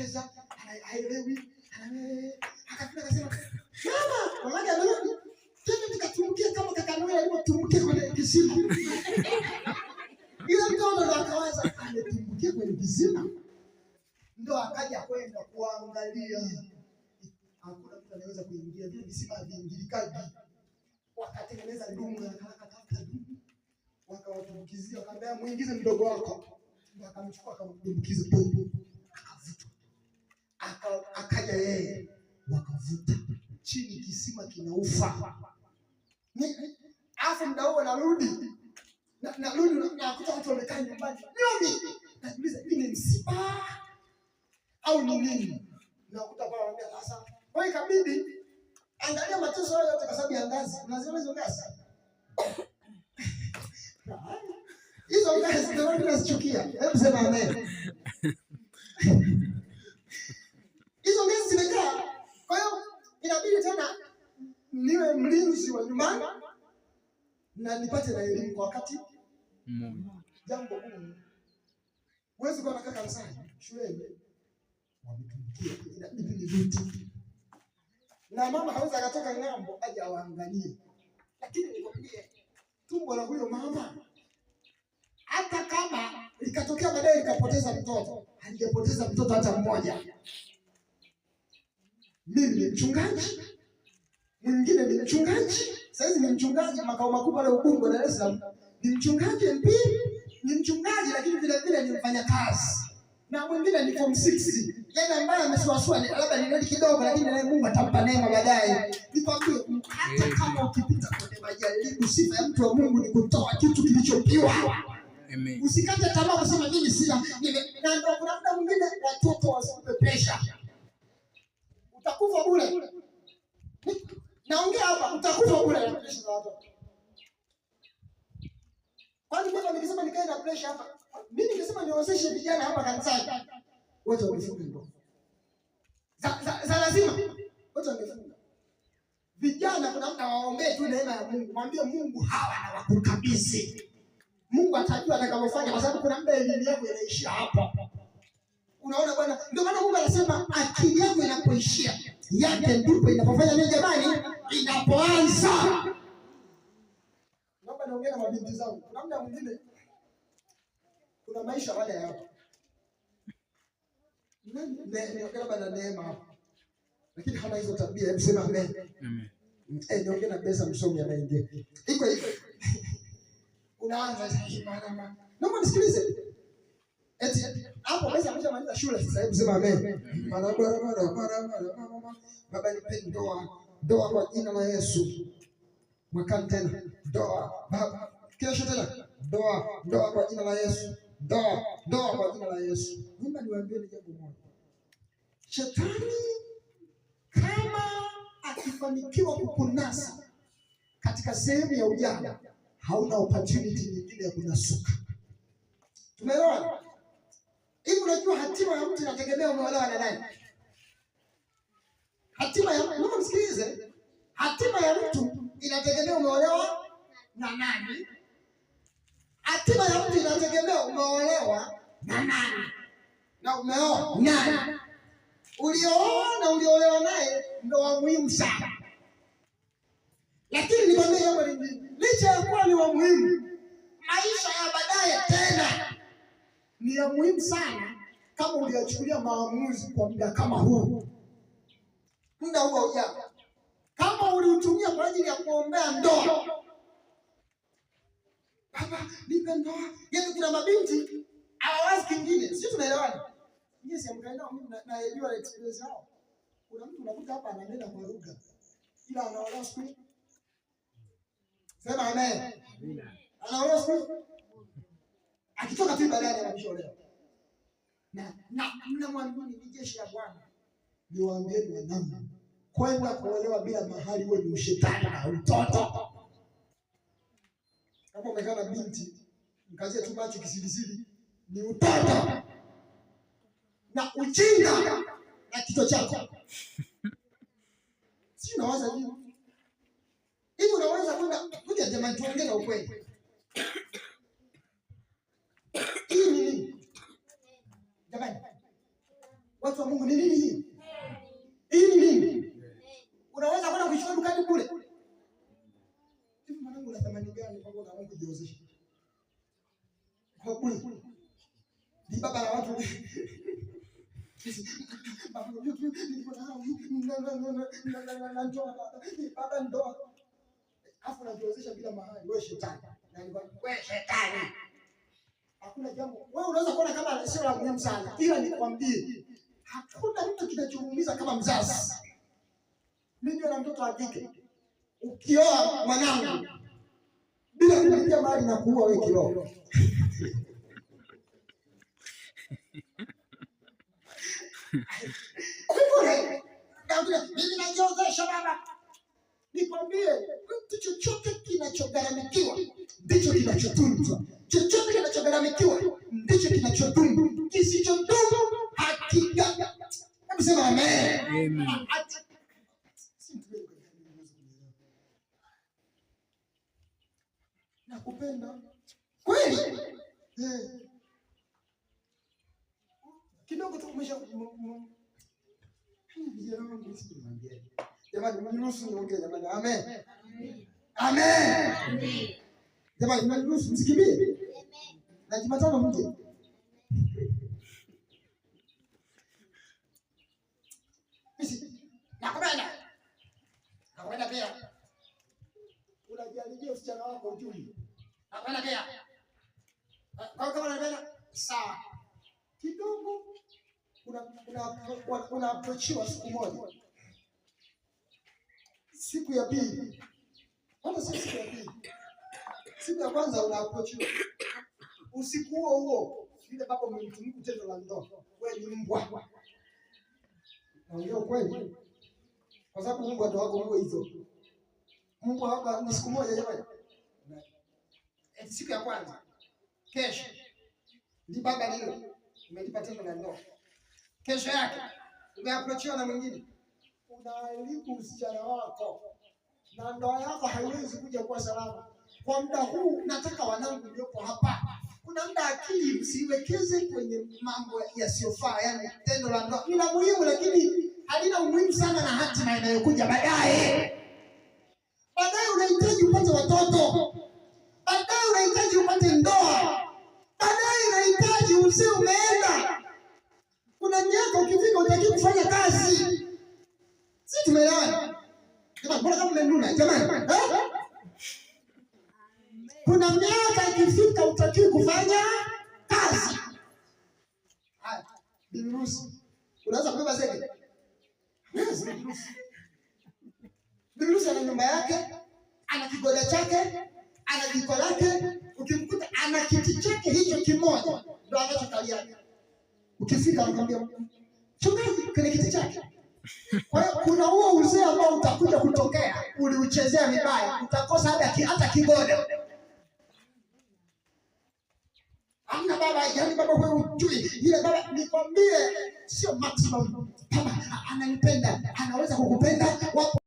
anacheza haelewi, akafika akasema mama, ndo akaja kwenda kuangalia, hakuna mtu anaweza kuingia vile visima viingilikaji. Wakatengeneza dumu wakawatumbukizia, wakaambia muingize mdogo wako, wakamchukua wakamtumbukiza akaja yeye, wakavuta chini, kisima kinaufa. Alafu mda huo narudi narudi, nakuta watu wamekaa nyumbani, nini? Najiuliza, ni msiba au ni nini? Nakuta sasa, kwa hiyo angalia mateso hayo yote kwa sababu ya ngazi. Unaziona hizo ngazi? Hizo ngazi ndio Hebu sema amen. hizo ngezi zimekaa. Kwa hiyo inabidi tena niwe mlinzi wa nyumbani na nipate na elimu kwa wakati mmoja. Jambo gumu, huwezi kuwa nakaa kanisani, shuleni wametumikia, inabidi ni vitu. na mama hawezi akatoka ng'ambo aje awaangalie, lakini nikwambie, tumbo la huyo mama hata kama likatokea baadaye likapoteza mtoto, halijapoteza mtoto hata mmoja mimi ni mchungaji, mwingine ni mchungaji, sasa ni mchungaji makao makuu pale Ubungo, Dar es Salaam, ni mchungaji MP, ni mchungaji lakini vile vile ni mfanyakazi, na mwingine ni form 6 yeye yaani ambaye amesuasua labda ni ndio kidogo, lakini naye Mungu atampa neema baadaye. Nikwambie, hata kama ukipita kwenye majaribu, sifa ya mtu wa Mungu ni kutoa kitu kilichopiwa. Usikate tamaa kusema mimi sina, nime na ndio kuna muda mwingine watoto wasipe pressure utakufa bure. Naongea hapa, utakufa bure na Kwani mbona nikisema nikae na presha hapa? Mimi ningesema niozeshe vijana hapa kanisani. Wote wamefunga ndoa. Za, za, za lazima. Wote wamefunga. Vijana kuna mtu awaombee tu neema ya Mungu. Mwambie Mungu hawa na wakukabidhi. Mungu atajua atakavyofanya kwa sababu kuna muda elimu yako inaishia hapa. Unaona bwana, ndio maana Mungu anasema akili yako inapoishia yake ndipo inapofanya nini jamani, inapoanza. Naomba naongea na mabinti zangu, kuna muda mwingine kuna maisha baada ya hapo, niongea bana neema lakini hana hizo tabia. Hebu sema amen, amen. Eh, niongee na pesa, msomi anaingia iko hivyo, unaanza sasa. Naomba nisikilize eti Anaenda shule sasa hivi, sema amen. Barabara barabara barabara. Baba nipe ndoa, ndoa kwa jina la Yesu. Mwakani tena ndoa, baba. Kesho tena ndoa, ndoa kwa jina la Yesu. Ndoa, ndoa kwa jina la Yesu. Mimi niwaambie jambo moja. Shetani kama akifanikiwa kukunasa katika sehemu ya ujana, hauna opportunity nyingine ya kunasuka. Tumeona Hivi unajua hatima ya mtu inategemea umeolewa na nani? Hatima ya mtu, msikilize. Hatima ya mtu inategemea umeolewa na nani? Hatima ya mtu inategemea umeolewa na nani? Na umeoa nani? Ulioa na uliolewa naye ndo wa muhimu sana. Lakini nikwambie jambo lingine, licha ya kuwa ni wa muhimu, maisha ya baadaye tena ni ya muhimu sana kama uliyachukulia maamuzi kwa muda kama huu. Muda huu haujao, kama uliutumia kwa ajili ya kuombea ndoa, baba nipe ndoa. Yaani kuna mabinti hawawazi kingine, sio? Tunaelewana? Najua experience yao. Kuna mtu unakuta hapa ananena kwa lugha ila anaolewa siku, sema amen, anaolewa siku akitoka tu ibadani anasholewa na na mnamwambia ni jeshi la Bwana. Niwaambieni wanangu, kwenda kuolewa bila mahari wewe ni ushetani na utoto. Kama umekaa na binti mkazie tu macho kisilisili, ni utoto na ujinga na kichwa chako si unawaza nini hivi? Unaweza kwenda kuja, jamani, tuongee na ukweli gani gani mpaka unaamua kujihusisha kwa kweli ni baba la watu baba ndo afu najihusisha bila mahali wewe shetani na ni wewe shetani hakuna jambo wewe unaweza kuona kama sio la muhimu sana ila nikwambie hakuna mtu kinachomuumiza kama mzazi mimi na mtoto wa kike ukioa mwanangu Nitakupiga mbali na kuua wewe kiroho. Mimi najiozesha baba, nikwambie, mtu chochote kinachogharamikiwa ndicho kinachotunzwa chochote nakupenda kweli eh. Kidogo tu umesha Jamani, mniruhusu niongee jamani. Amen. Amen. Jamani, mniruhusu msikimbie. Na Jumatano mje. Nakupenda. Nakupenda pia. Unajaribia usichana wako Juli. Nakwenda Mbeya. Eh, kwa kama unaenda sawa. Kidogo kuna kuna kuna approachiwa siku moja. Siku ya pili. Kwanza sio siku ya pili. Siku ya kwanza una approachiwa. Usiku huo huo yule baba umemtunuku tendo la ndoa. Wewe ni mbwa. Naongea ukweli. Kwa sababu mbwa ndo hizo. Mbwa hapa ni siku moja jamani. Eh, siku ya kwanza, kesho baba lilo umelipa tendo la ndoa, kesho yake umeaprochiwa na mwingine, unaharibu usichana wako na ndoa yako haiwezi kuja kuwa salama kwa muda huu. Nataka wanangu niliopo hapa, kuna muda akili msiwekeze kwenye mambo yasiyofaa, yani tendo la ndoa ni la muhimu, lakini halina umuhimu sana na hatima inayokuja baadaye. Baadaye unahitaji upate watoto baadaye unahitaji upate ndoa, baadaye unahitaji usi, umeenda, kuna miaka ukifika utaki kufanya kazi. Si tumeelewana jamani? Mbona kama mmenuna jamani? Eh? Kuna miaka ikifika utaki kufanya kazi. Bibi harusi unaweza kubeba zege, bibi harusi ana nyumba yake, ana kigoda chake ana jiko lake, ukimkuta ana kiti chake hicho kimoja ndo anachokalia. Ukifika anakwambia chukua kile kiti chake. Kwa hiyo kuna huo uzee ambao utakuja kutokea, uliuchezea vibaya, utakosa hata hata kigoda. Amna baba, yani baba wewe ujui ile baba, nikwambie sio maximum. Baba ananipenda, anaweza kukupenda wapo